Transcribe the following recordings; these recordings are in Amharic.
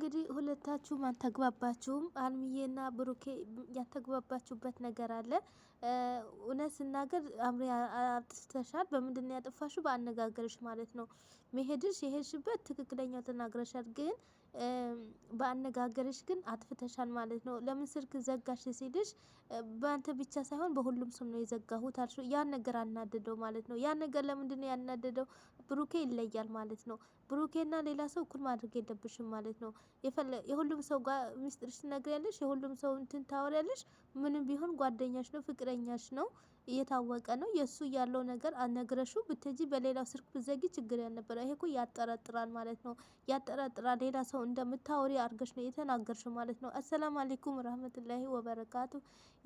እንግዲህ ሁለታችሁም አልተግባባችሁም። አልሚዬና ብሩኬ ያልተግባባችሁበት ነገር አለ። እውነት ስናገር አምሬ አጥፍተሻል። በምንድን ነው ያጠፋሽው? በአነጋገርሽ ማለት ነው። መሄድሽ የሄድሽበት ትክክለኛው ተናግረሻል ግን በአነጋገርሽ ግን አጥፍተሻል ማለት ነው። ለምን ስልክ ዘጋሽ ሲልሽ በአንተ ብቻ ሳይሆን በሁሉም ስም ነው የዘጋሁት አልሽ። ያን ነገር አናደደው ማለት ነው። ያን ነገር ለምንድን ነው ያናደደው? ብሩኬ ይለያል ማለት ነው። ብሩኬና ሌላ ሰው እኩል ማድረግ የለብሽም ማለት ነው። የሁሉም ሰው ጋር ሚስጥርሽ ትነግሪያለሽ፣ የሁሉም ሰው እንትን ታወሪያለሽ። ምንም ቢሆን ጓደኛሽ ነው፣ ፍቅረኛሽ ነው። እየታወቀ ነው። የእሱ ያለው ነገር አነግረሹ ብትጂ በሌላው ስልክ ብዘጊ ችግር ያልነበረ። ይሄ እኮ ያጠራጥራል ማለት ነው። ያጠራጥራል ሌላ ሰው እንደምታወሪ አድርገሽ ነው የተናገርሽው ማለት ነው። አሰላም አሌይኩም ረህመቱላሂ ወበረካቱ።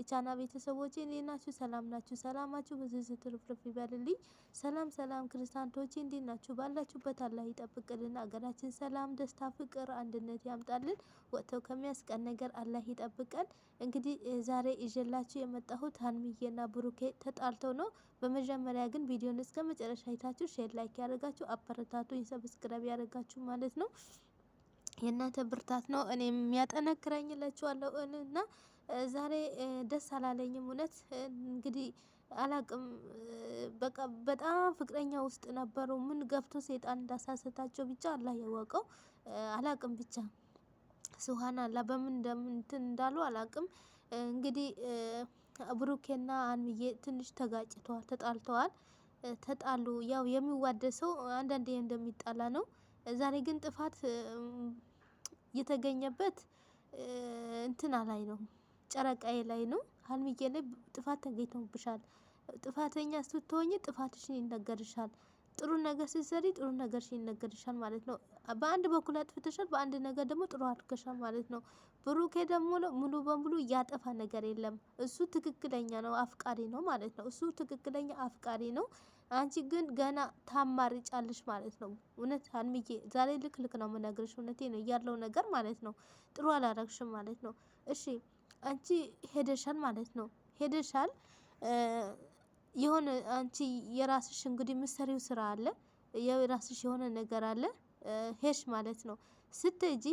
የቻና ቤተሰቦች እንዴት ናችሁ? ሰላም ናችሁ? ሰላማችሁ ብዙ ስትርፍርፍ ይበልልኝ። ሰላም ሰላም ክርስቲያንቶች እንዴት ናችሁ? ባላችሁበት አላህ ይጠብቅልን። አገራችን ሰላም፣ ደስታ፣ ፍቅር፣ አንድነት ያምጣልን። ወጥተው ከሚያስቀን ነገር አላህ ይጠብቀን። እንግዲህ ዛሬ ይዤላችሁ የመጣሁት ሀይሚዬና ብሩኬ ተጣልተው ነው። በመጀመሪያ ግን ቪዲዮን እስከ መጨረሻ አይታችሁ ሼር፣ ላይክ ያደረጋችሁ አበረታቱኝ፣ ሰብስክራይብ ያደረጋችሁ ማለት ነው። የእናንተ ብርታት ነው እኔ የሚያጠነክረኝ እላችኋለሁ። እና ዛሬ ደስ አላለኝም እውነት እንግዲህ አላቅም በቃ በጣም ፍቅረኛ ውስጥ ነበሩ። ምን ገብቶ ሴጣን እንዳሳሰታቸው ብቻ አላህ ያወቀው። አላቅም ብቻ ስብሀና አላህ በምን እንደምን እንዳሉ አላቅም እንግዲህ ብሩኬና አንብዬ ትንሽ ተጋጭተዋል፣ ተጣልተዋል። ተጣሉ። ያው የሚዋደድ ሰው አንዳንዴ እንደሚጣላ ነው። ዛሬ ግን ጥፋት የተገኘበት እንትና ላይ ነው፣ ጨረቃዬ ላይ ነው። ሀልሚዬ ላይ ጥፋት ተገኝቶብሻል። ጥፋተኛ ስትሆኝ ጥፋትሽን ይነገርሻል። ጥሩ ነገር ስትሰሪ ጥሩ ነገር ይነገርሻል ማለት ነው። በአንድ በኩል አጥፍተሻል፣ በአንድ ነገር ደግሞ ጥሩ አድርገሻል ማለት ነው። ብሩኬ ደግሞ ሙሉ በሙሉ እያጠፋ ነገር የለም። እሱ ትክክለኛ ነው፣ አፍቃሪ ነው ማለት ነው። እሱ ትክክለኛ አፍቃሪ ነው። አንቺ ግን ገና ታማርጫለሽ ማለት ነው። እውነት ሀይሚዬ ዛሬ ልክ ልክ ነው የምነግርሽ። እውነቴ ነው ያለው ነገር ማለት ነው። ጥሩ አላረግሽም ማለት ነው። እሺ አንቺ ሄደሻል ማለት ነው። ሄደሻል የሆነ አንቺ የራስሽ እንግዲህ ምሰሪው ስራ አለ የራስሽ የሆነ ነገር አለ ሄሽ ማለት ነው ስትጂ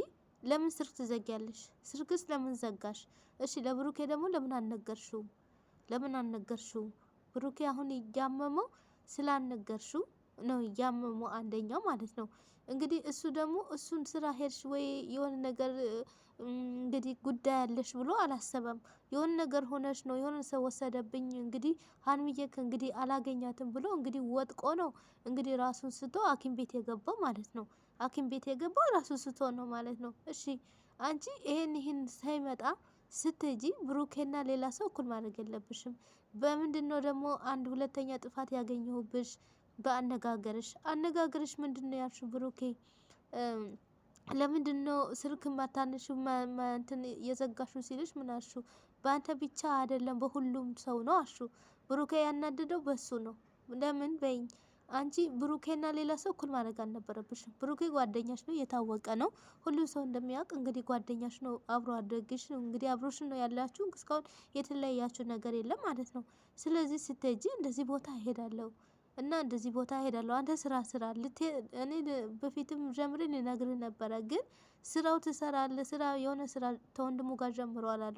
ለምን ስልክ ትዘጊያለሽ? ስልክስ ለምን ዘጋሽ? እሺ ለብሩኬ ደግሞ ለምን አልነገርሽውም? ለምን አልነገርሽውም? ብሩኬ አሁን እያመመው ስላልነገርሽው ነው እያመሙ አንደኛው ማለት ነው። እንግዲህ እሱ ደግሞ እሱን ስራ ሄድሽ ወይ የሆነ ነገር እንግዲህ ጉዳይ አለሽ ብሎ አላሰበም። የሆነ ነገር ሆነሽ ነው የሆነ ሰው ወሰደብኝ እንግዲህ ሀይሚዬ እንግዲህ አላገኛትም ብሎ እንግዲህ ወጥቆ ነው እንግዲህ ራሱን ስቶ ሐኪም ቤት የገባው ማለት ነው። ሐኪም ቤት የገባው ራሱን ስቶ ነው ማለት ነው። እሺ አንቺ ይሄን ይሄን ሳይመጣ ስትጂ ብሩኬና ሌላ ሰው እኩል ማድረግ የለብሽም። በምንድን ነው ደግሞ አንድ ሁለተኛ ጥፋት ያገኘሁብሽ? በአነጋገርሽ አነጋገርሽ ምንድን ነው ያልሽው? ብሩኬ ለምንድን ነው ስልክ ማታነሽ እንትን የዘጋሹ ሲልሽ ምን አልሹ? በአንተ ብቻ አይደለም በሁሉም ሰው ነው አሹ። ብሩኬ ያናደደው በሱ ነው። ለምን በይኝ አንቺ ብሩኬና ሌላ ሰው እኩል ማድረግ አልነበረብሽም። ብሩኬ ጓደኛሽ ነው፣ የታወቀ ነው፣ ሁሉም ሰው እንደሚያውቅ እንግዲህ ጓደኛሽ ነው፣ አብሮ አደግሽ እንግዲህ አብሮሽ ነው ያላችሁ እስካሁን የተለያያችሁ ነገር የለም ማለት ነው። ስለዚህ ስትሄጂ እንደዚህ ቦታ እሄዳለሁ እና እንደዚህ ቦታ ሄዳለሁ አንተ ስራ ስራ እኔ በፊትም ጀምሬ ልነግር ነበረ፣ ግን ስራው ትሰራለ ስራ የሆነ ስራ ተወንድሙ ጋር ጀምረዋል አሉ።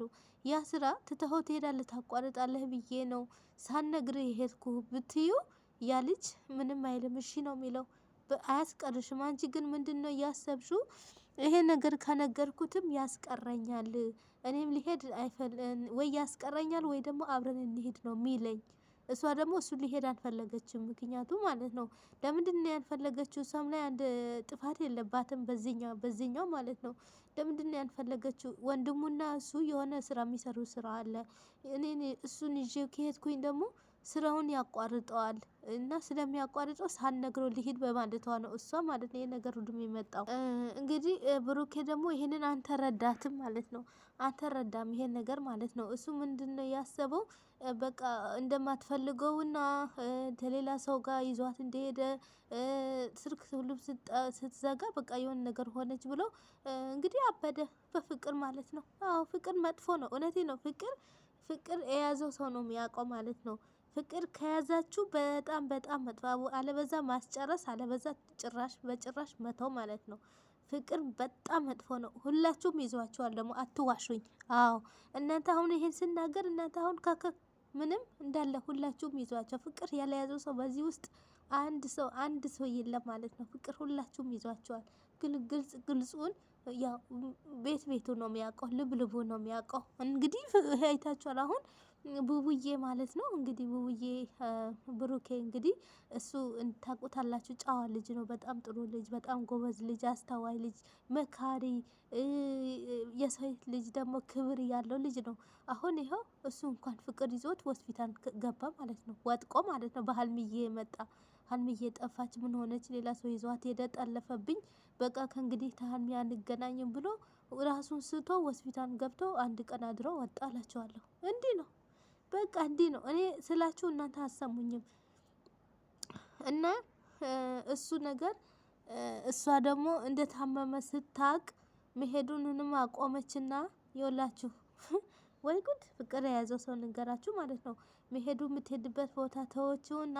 ያ ስራ ትተኸው ትሄዳለህ ታቋርጣለህ ብዬ ነው ሳነግር የሄድኩ ብትዩ ያ ልጅ ምንም አይልም፣ እሺ ነው የሚለው አያስቀርሽም። አንቺ ግን ምንድን ነው እያሰብሹ? ይሄ ነገር ከነገርኩትም ያስቀረኛል፣ እኔም ሊሄድ ወይ ያስቀረኛል ወይ ደግሞ አብረን እንሂድ ነው የሚለኝ እሷ ደግሞ እሱ ሊሄድ አልፈለገችም። ምክንያቱ ማለት ነው ለምንድን ነው ያልፈለገችው? እሷም ላይ አንድ ጥፋት የለባትም በዚኛው በዚህኛው ማለት ነው። ለምንድን ነው ያልፈለገችው? ወንድሙና እሱ የሆነ ስራ የሚሰሩ ስራ አለ። እኔ እሱን ይዤ ከሄድኩኝ ደግሞ ስራውን ያቋርጠዋል እና ስለሚያቋርጠው ነግሮ ሊሄድ በማለቷ ነው እሷ ማለት ነው ይህ ነገር ሁሉም የመጣው። እንግዲህ ብሩኬ ደግሞ ይሄንን አንተረዳትም ማለት ነው፣ አንተረዳም ይሄን ነገር ማለት ነው። እሱ ምንድን ነው ያሰበው በቃ እንደማትፈልገውና ከሌላ ሰው ጋር ይዟት እንደሄደ ስልክ ሁሉም ስትዘጋ በቃ የሆነ ነገር ሆነች ብሎ እንግዲህ አበደ በፍቅር ማለት ነው። አዎ ፍቅር መጥፎ ነው። እውነቴ ነው። ፍቅር ፍቅር የያዘው ሰው ነው የሚያውቀው ማለት ነው። ፍቅር ከያዛችሁ በጣም በጣም መጥባቡ አለበዛ ማስጨረስ አለበዛ ጭራሽ በጭራሽ መተው ማለት ነው። ፍቅር በጣም መጥፎ ነው። ሁላችሁም ይዟችኋል። ደግሞ አትዋሹኝ። አዎ እናንተ አሁን ይሄን ስናገር እናንተ አሁን ካከ ምንም እንዳለ ሁላችሁም ይዟቸው። ፍቅር ያለያዘው ሰው በዚህ ውስጥ አንድ ሰው አንድ ሰው የለም ማለት ነው። ፍቅር ሁላችሁም ይዟቸዋል። ግን ግልጽ ግልጹን ቤት ቤቱ ነው የሚያውቀው፣ ልብ ልቡ ነው የሚያውቀው። እንግዲህ አይታችኋል አሁን ቡቡዬ ማለት ነው እንግዲህ ቡቡዬ ብሩኬ እንግዲህ እሱ ታውቁታላችሁ። ጨዋ ልጅ ነው። በጣም ጥሩ ልጅ፣ በጣም ጎበዝ ልጅ፣ አስተዋይ ልጅ፣ መካሪ የሴት ልጅ ደግሞ ክብር ያለው ልጅ ነው። አሁን ይኸው እሱ እንኳን ፍቅር ይዞት ሆስፒታል ገባ ማለት ነው። ወጥቆ ማለት ነው። በሀልምዬ መጣ። ሀልምዬ ጠፋች፣ ምን ሆነች? ሌላ ሰው ይዟት ሄደ፣ ጠለፈብኝ፣ በቃ ከእንግዲህ ከሀልሚ አንገናኝም ብሎ ራሱን ስቶ ሆስፒታል ገብቶ አንድ ቀን አድሮ ወጣ እላችኋለሁ። እንዲህ ነው። በቃ እንዲህ ነው። እኔ ስላችሁ እናንተ አሰሙኝም እና እሱ ነገር እሷ ደግሞ እንደታመመ ስታቅ መሄዱንንም አቆመችና ይወላችሁ ወይ ጉድ! ፍቅር የያዘው ሰው ንገራችሁ ማለት ነው። መሄዱ የምትሄድበት ቦታ ተወችውና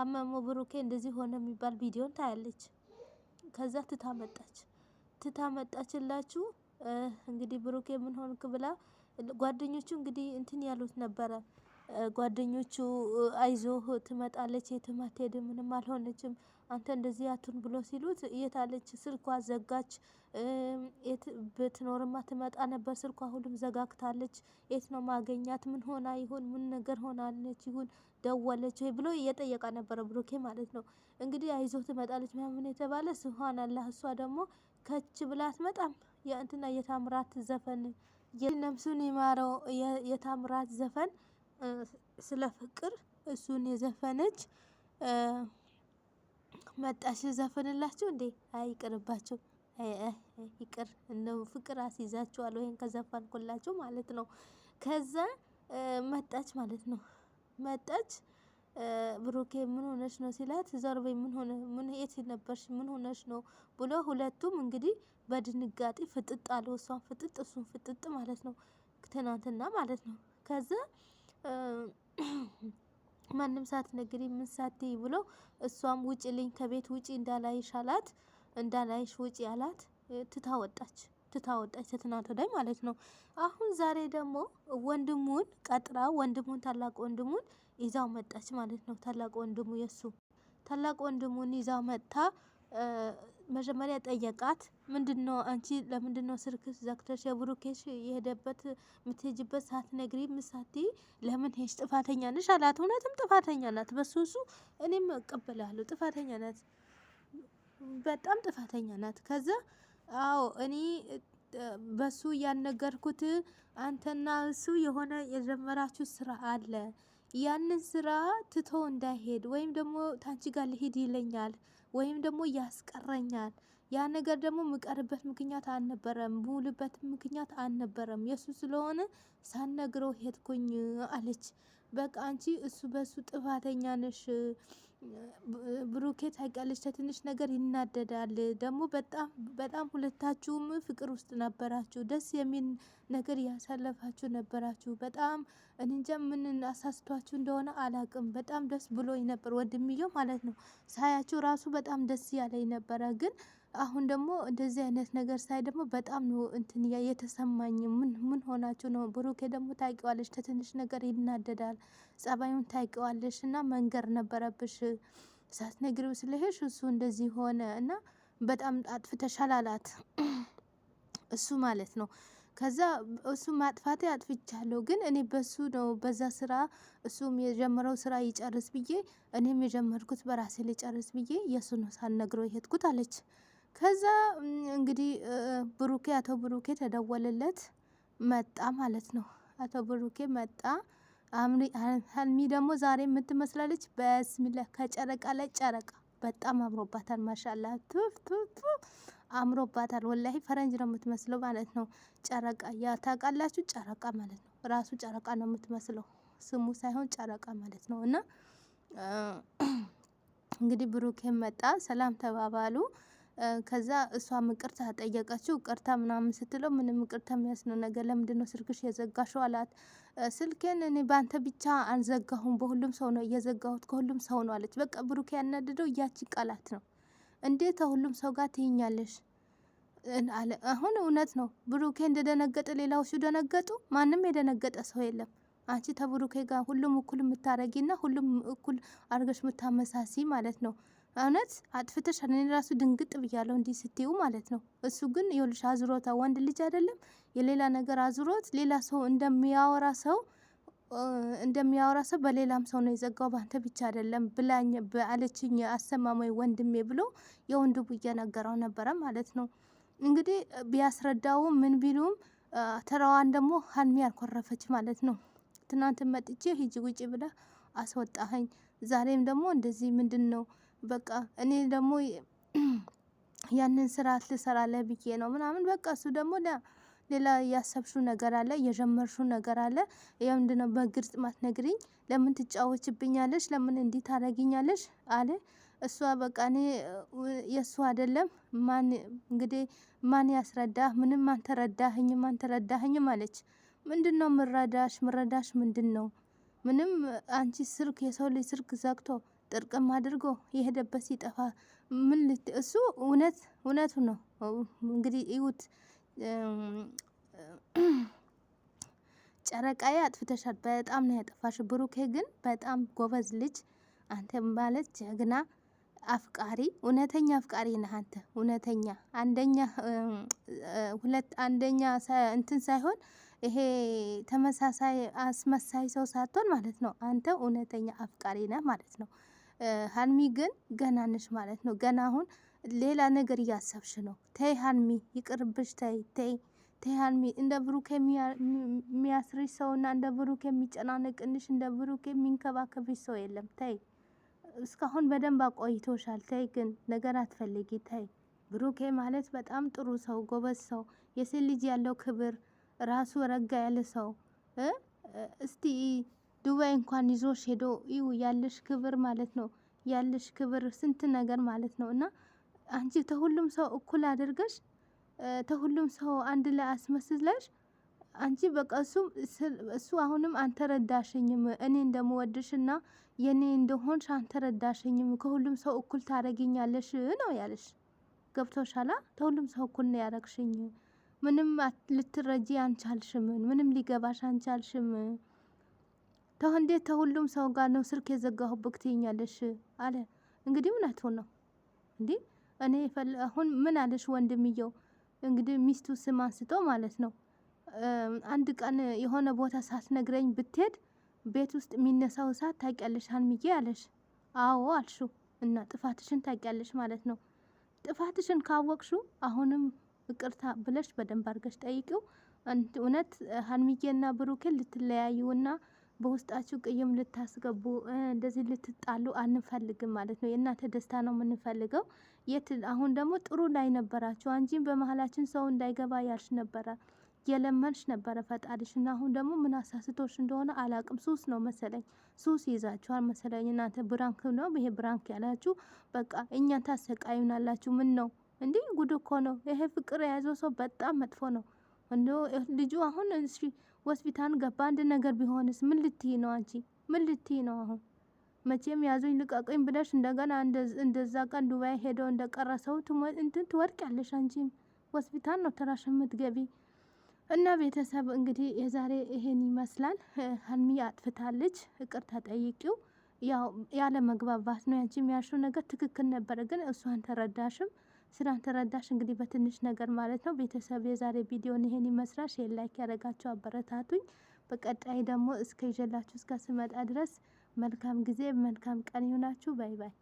አመሞ ብሩኬ እንደዚህ ሆነ የሚባል ቪዲዮን ታያለች። ከዛ ትታመጣች ትታመጣችላችሁ እንግዲህ ብሩኬ ምን ሆንክ ብላ ጓደኞቹ እንግዲህ እንትን ያሉት ነበረ። ጓደኞቹ አይዞህ ትመጣለች የትም አትሄድም ምንም አልሆነችም አንተ እንደዚህ አቱን ብሎ ሲሉት የታለች ስልኳ ዘጋች። የት ብትኖርማ ትመጣ ነበር ስልኳ ሁሉም ዘጋግታለች። የት ነው ማገኛት? ምን ሆና ይሁን ምን ነገር ሆናለች ይሁን ደወለች ወይ ብሎ እየጠየቀ ነበረ ብሩኬ ማለት ነው። እንግዲህ አይዞህ ትመጣለች ምናምን የተባለ ስብሃን አላህ እሷ ደግሞ ከች ብላ አትመጣም። የእንትና የታምራት ዘፈን የነፍሱን የማረው የታምራት ዘፈን ስለ ፍቅር እሱን የዘፈነች መጣሽ ዘፈንላችሁ እንዴ? አይ ይቅርባችሁ፣ ይቅር እንደው ፍቅር አስይዛችኋል ወይም ከዘፈንኩላችሁ ማለት ነው። ከዛ መጣች ማለት ነው። መጣች ብሩኬ ምን ሆነች ነው ሲላት፣ ዞርቤ ምን ሆነ ምን የት ነበርሽ ምን ሆነች ነው ብሎ ሁለቱም እንግዲህ በድንጋጤ ፍጥጥ አለው። እሷን ፍጥጥ እሱን ፍጥጥ ማለት ነው፣ ትናንትና ማለት ነው። ከዛ ማንም ሳትነግሪኝ ምን ሳትይ ብሎ እሷም ውጭ ልኝ ከቤት ውጭ እንዳላይሽ አላት። እንዳላይሽ ውጪ አላት። ትታወጣች ትታወጣች ትናንት ላይ ማለት ነው። አሁን ዛሬ ደግሞ ወንድሙን ቀጥራ ወንድሙን ታላቅ ወንድሙን ይዛው መጣች ማለት ነው። ታላቅ ወንድሙ የሱ ታላቅ ወንድሙን ይዛው መጥታ መጀመሪያ ጠየቃት። ምንድነው አንቺ ለምንድነው ነው ስልክሽ ዘግተሽ የብሩኬሽ የሄደበት የምትሄጅበት ሰዓት ነግሪ ምሳቴ ለምን ሄሽ ጥፋተኛ ነሽ አላት። እውነትም ጥፋተኛ ናት። በሱ እሱ እኔም እቀበላለሁ። ጥፋተኛ ናት፣ በጣም ጥፋተኛ ናት። ከዛ አዎ እኔ በሱ ያነገርኩት አንተና እሱ የሆነ የጀመራችሁ ስራ አለ። ያንን ስራ ትቶ እንዳይሄድ ወይም ደግሞ ታንቺ ጋር ልሂድ ይለኛል ወይም ደግሞ ያስቀረኛል። ያ ነገር ደግሞ የምቀርበት ምክንያት አልነበረም፣ ብውልበት ምክንያት አልነበረም። የእሱ ስለሆነ ሳነግረው ሄድኩኝ አለች። በቃ አንቺ እሱ በሱ ጥፋተኛ ነሽ ብሩኬ ታውቂያለሽ፣ ትንሽ ነገር ይናደዳል። ደግሞ በጣም በጣም ሁለታችሁም ፍቅር ውስጥ ነበራችሁ፣ ደስ የሚል ነገር እያሳለፋችሁ ነበራችሁ። በጣም እንጃ ምን አሳስቷችሁ እንደሆነ አላቅም። በጣም ደስ ብሎኝ ነበር ወንድምየው ማለት ነው። ሳያችሁ ራሱ በጣም ደስ ያለኝ ነበረ ግን አሁን ደግሞ እንደዚህ አይነት ነገር ሳይ ደግሞ በጣም ነው እንትን የተሰማኝ። ምን ምን ሆናችሁ ነው? ብሩኬ ደግሞ ታውቂዋለሽ፣ ትንሽ ነገር ይናደዳል፣ ጸባዩን ታውቂዋለሽ። እና መንገር ነበረብሽ ሳትነግሪው ስለሄድሽ እሱ እንደዚህ ሆነ እና በጣም አጥፍተሻል አላት እሱ ማለት ነው። ከዛ እሱ ማጥፋት አጥፍቻለሁ፣ ግን እኔ በሱ ነው በዛ ስራ እሱም የጀመረው ስራ ይጨርስ ብዬ እኔም የጀመርኩት በራሴ ልጨርስ ብዬ የእሱ ነው ሳልነግረው የሄድኩት አለች። ከዛ እንግዲህ ብሩኬ አቶ ብሩኬ ተደወለለት መጣ ማለት ነው። አቶ ብሩኬ መጣ። አልሚ ደግሞ ዛሬ የምትመስላለች በስሚላ ከጨረቃ ላይ ጨረቃ በጣም አምሮባታል። ማሻላ ቱፍ አምሮባታል። ወላሂ ፈረንጅ ነው የምትመስለው ማለት ነው። ጨረቃ ያታውቃላችሁ፣ ጨረቃ ማለት ነው። ራሱ ጨረቃ ነው የምትመስለው፣ ስሙ ሳይሆን ጨረቃ ማለት ነው። እና እንግዲህ ብሩኬ መጣ፣ ሰላም ተባባሉ። ከዛ እሷ ምቅርታ ጠየቀችው። ቅርታ ምናምን ስትለው ምንም ቅርታ የሚያስነው ነገር ለምንድን ነው ስልክሽ የዘጋሽው አላት። ስልኬን እኔ በአንተ ብቻ አልዘጋሁም፣ በሁሉም ሰው ነው እየዘጋሁት፣ ከሁሉም ሰው ነው አለች። በቃ ብሩክ ያናደደው እያቺ ቃላት ነው። እንዴት ከሁሉም ሰው ጋር ትይኛለሽ አለ። አሁን እውነት ነው ብሩኬ እንደደነገጠ ሌላዎቹ ደነገጡ። ማንም የደነገጠ ሰው የለም። አንቺ ተብሩኬ ጋር ሁሉም እኩል የምታረጊና ሁሉም እኩል አድርገሽ የምታመሳሲ ማለት ነው እውነት አጥፍተሽ እኔ ራሱ ድንግጥ ብያለሁ፣ እንዲህ ስትዩ ማለት ነው። እሱ ግን ይኸውልሽ አዝሮታ ወንድ ልጅ አይደለም የሌላ ነገር አዝሮት ሌላ ሰው እንደሚያወራ ሰው እንደሚያወራ ሰው በሌላም ሰው ነው የዘጋው፣ በአንተ ብቻ አይደለም ብላኝ በአለችኝ አሰማማኝ ወንድሜ ብሎ ብዬ ነገረው ነበረ ማለት ነው። እንግዲህ ቢያስረዳው ምን ቢሉም ተራዋን ደግሞ ሀልሚ ያልኮረፈች ማለት ነው። ትናንት መጥቼ ሂጂ ውጪ ብላ አስወጣኸኝ፣ ዛሬም ደግሞ እንደዚህ ምንድን ነው በቃ እኔ ደግሞ ያንን ስራ ልሰራለህ ብዬ ነው ምናምን በቃ እሱ ደግሞ ሌላ ያሰብሽው ነገር አለ፣ የጀመርሽው ነገር አለ። ያው ምንድነው በግልጽ ማትነግሪኝ? ለምን ትጫወችብኛለሽ? ለምን እንዲህ ታደርጊኛለሽ? አለ እሷ በቃ እኔ የእሱ አይደለም ማን እንግዲህ ማን ያስረዳ? ምንም አንተረዳህኝም፣ አንተረዳህኝም አለች። ምንድን ነው ምረዳሽ? ምረዳሽ ምንድን ነው? ምንም አንቺ ስልክ የሰው ልጅ ስልክ ዘግቶ ጥርቅም አድርጎ የሄደበት ሲጠፋ ምን ልት እሱ እውነት እውነቱ ነው። እንግዲህ እዩት። ጨረቃዬ አጥፍተሻል፣ በጣም ነው ያጠፋሽ። ብሩኬ ግን በጣም ጎበዝ ልጅ አንተ ማለት ጀግና አፍቃሪ፣ እውነተኛ አፍቃሪ ነህ አንተ። እውነተኛ አንደኛ ሁለት አንደኛ እንትን ሳይሆን ይሄ ተመሳሳይ አስመሳይ ሰው ሳትሆን ማለት ነው። አንተ እውነተኛ አፍቃሪ ነህ ማለት ነው። ሀልሚ ግን ገና ነሽ ማለት ነው። ገና አሁን ሌላ ነገር እያሰብሽ ነው። ተይ ሀልሚ ይቅርብሽ። ተይ ተይ ተይ ሀልሚ እንደ ብሩክ የሚያስርሽ እና እንደ ብሩክ የሚጨናነቅንሽ እንደ ብሩክ የሚንከባከብሽ ሰው የለም። ተይ እስካሁን በደንብ አቆይቶሻል። ተይ ግን ነገር አትፈልጊ። ተይ ብሩኬ ማለት በጣም ጥሩ ሰው፣ ጎበዝ ሰው፣ የሴት ልጅ ያለው ክብር፣ ራሱ ረጋ ያለ ሰው እስቲ ዱባይ እንኳን ይዞሽ ሄዶ ይው ያለሽ ክብር ማለት ነው ያለሽ ክብር ስንት ነገር ማለት ነው። እና አንቺ ተሁሉም ሰው እኩል አድርገሽ ተሁሉም ሰው አንድ ላይ አስመስለሽ አንቺ በቃ እሱ አሁንም አንተረዳሽኝም እኔ እንደምወድሽ እንደምወድሽና የኔ እንደሆንሽ አንተረዳሽኝም ከሁሉም ሰው እኩል ታረጊኛለሽ ነው ያለሽ። ገብቶሻላ? ተሁሉም ሰው እኩል ነው ያረግሽኝ። ምንም ልትረጂ አንቻልሽም። ምንም ሊገባሽ አንቻልሽም። ተው እንዴት ተሁሉም ሰው ጋር ነው ስልክ የዘጋሁ ትይኛለሽ አለ። እንግዲህ እውነቱን ነው እንዴ እኔ አሁን ምን አለሽ ወንድምየው እንግዲህ ሚስቱ ስም አንስቶ ማለት ነው አንድ ቀን የሆነ ቦታ ሳትነግረኝ ብትሄድ ቤት ውስጥ የሚነሳው እሳት ታውቂያለሽ ሀንሚዬ አለሽ። አዎ አልሹ እና ጥፋትሽን ታውቂያለሽ ማለት ነው። ጥፋትሽን ካወቅሹ አሁንም ይቅርታ ብለሽ በደንብ አድርገሽ ጠይቂው። እውነት ሀንሚዬና ብሩክን ልትለያዩና በውስጣችሁ ቅይም ልታስገቡ እንደዚህ ልትጣሉ አንፈልግም ማለት ነው። የእናንተ ደስታ ነው የምንፈልገው። የት አሁን ደግሞ ጥሩ ላይ ነበራችሁ። አንቺም በመሀላችን ሰው እንዳይገባ ያልሽ ነበረ፣ የለመንሽ ነበረ ፈጣሪሽ እና አሁን ደግሞ ምን አሳስቶሽ እንደሆነ አላቅም። ሱስ ነው መሰለኝ፣ ሱስ ይዛችኋል መሰለኝ። እናንተ ብራንክ ነው ይሄ ብራንክ ያላችሁ፣ በቃ እኛን ታሰቃዩናላችሁ። ምን ነው እንዲህ ጉድ እኮ ነው። ይሄ ፍቅር የያዘው ሰው በጣም መጥፎ ነው። እንዲ ልጁ አሁን እሺ ሆስፒታል ገባ። አንድ ነገር ቢሆንስ ምን ልትይ ነው አንቺ? ምን ልትይ ነው አሁን? መቼም ያዙኝ ልቀቁኝ ብለሽ እንደገና እንደዛ ቀን ዱባይ ሄደው እንደቀረ ሰው እንትን ያለሽ አንቺም ሆስፒታል ነው ተራሽ የምትገቢ። እና ቤተሰብ እንግዲህ የዛሬ ይሄን ይመስላል። ሀልሚ አጥፍታለች፣ ይቅርታ ጠይቂው። ያው ያለ መግባባት ነው። ያንቺ የሚያሹ ነገር ትክክል ነበረ፣ ግን እሷን ተረዳሽም ስላልተረዳሽ እንግዲህ በትንሽ ነገር ማለት ነው። ቤተሰብ የዛሬ ቪዲዮን ይሄን ይመስላል። ሼር ላይክ ያደረጋችሁ አበረታቱኝ። በቀጣይ ደግሞ እስከ ይዤላችሁ እስከ ስመጣ ድረስ መልካም ጊዜ መልካም ቀን ይሁናችሁ። ባይ ባይ።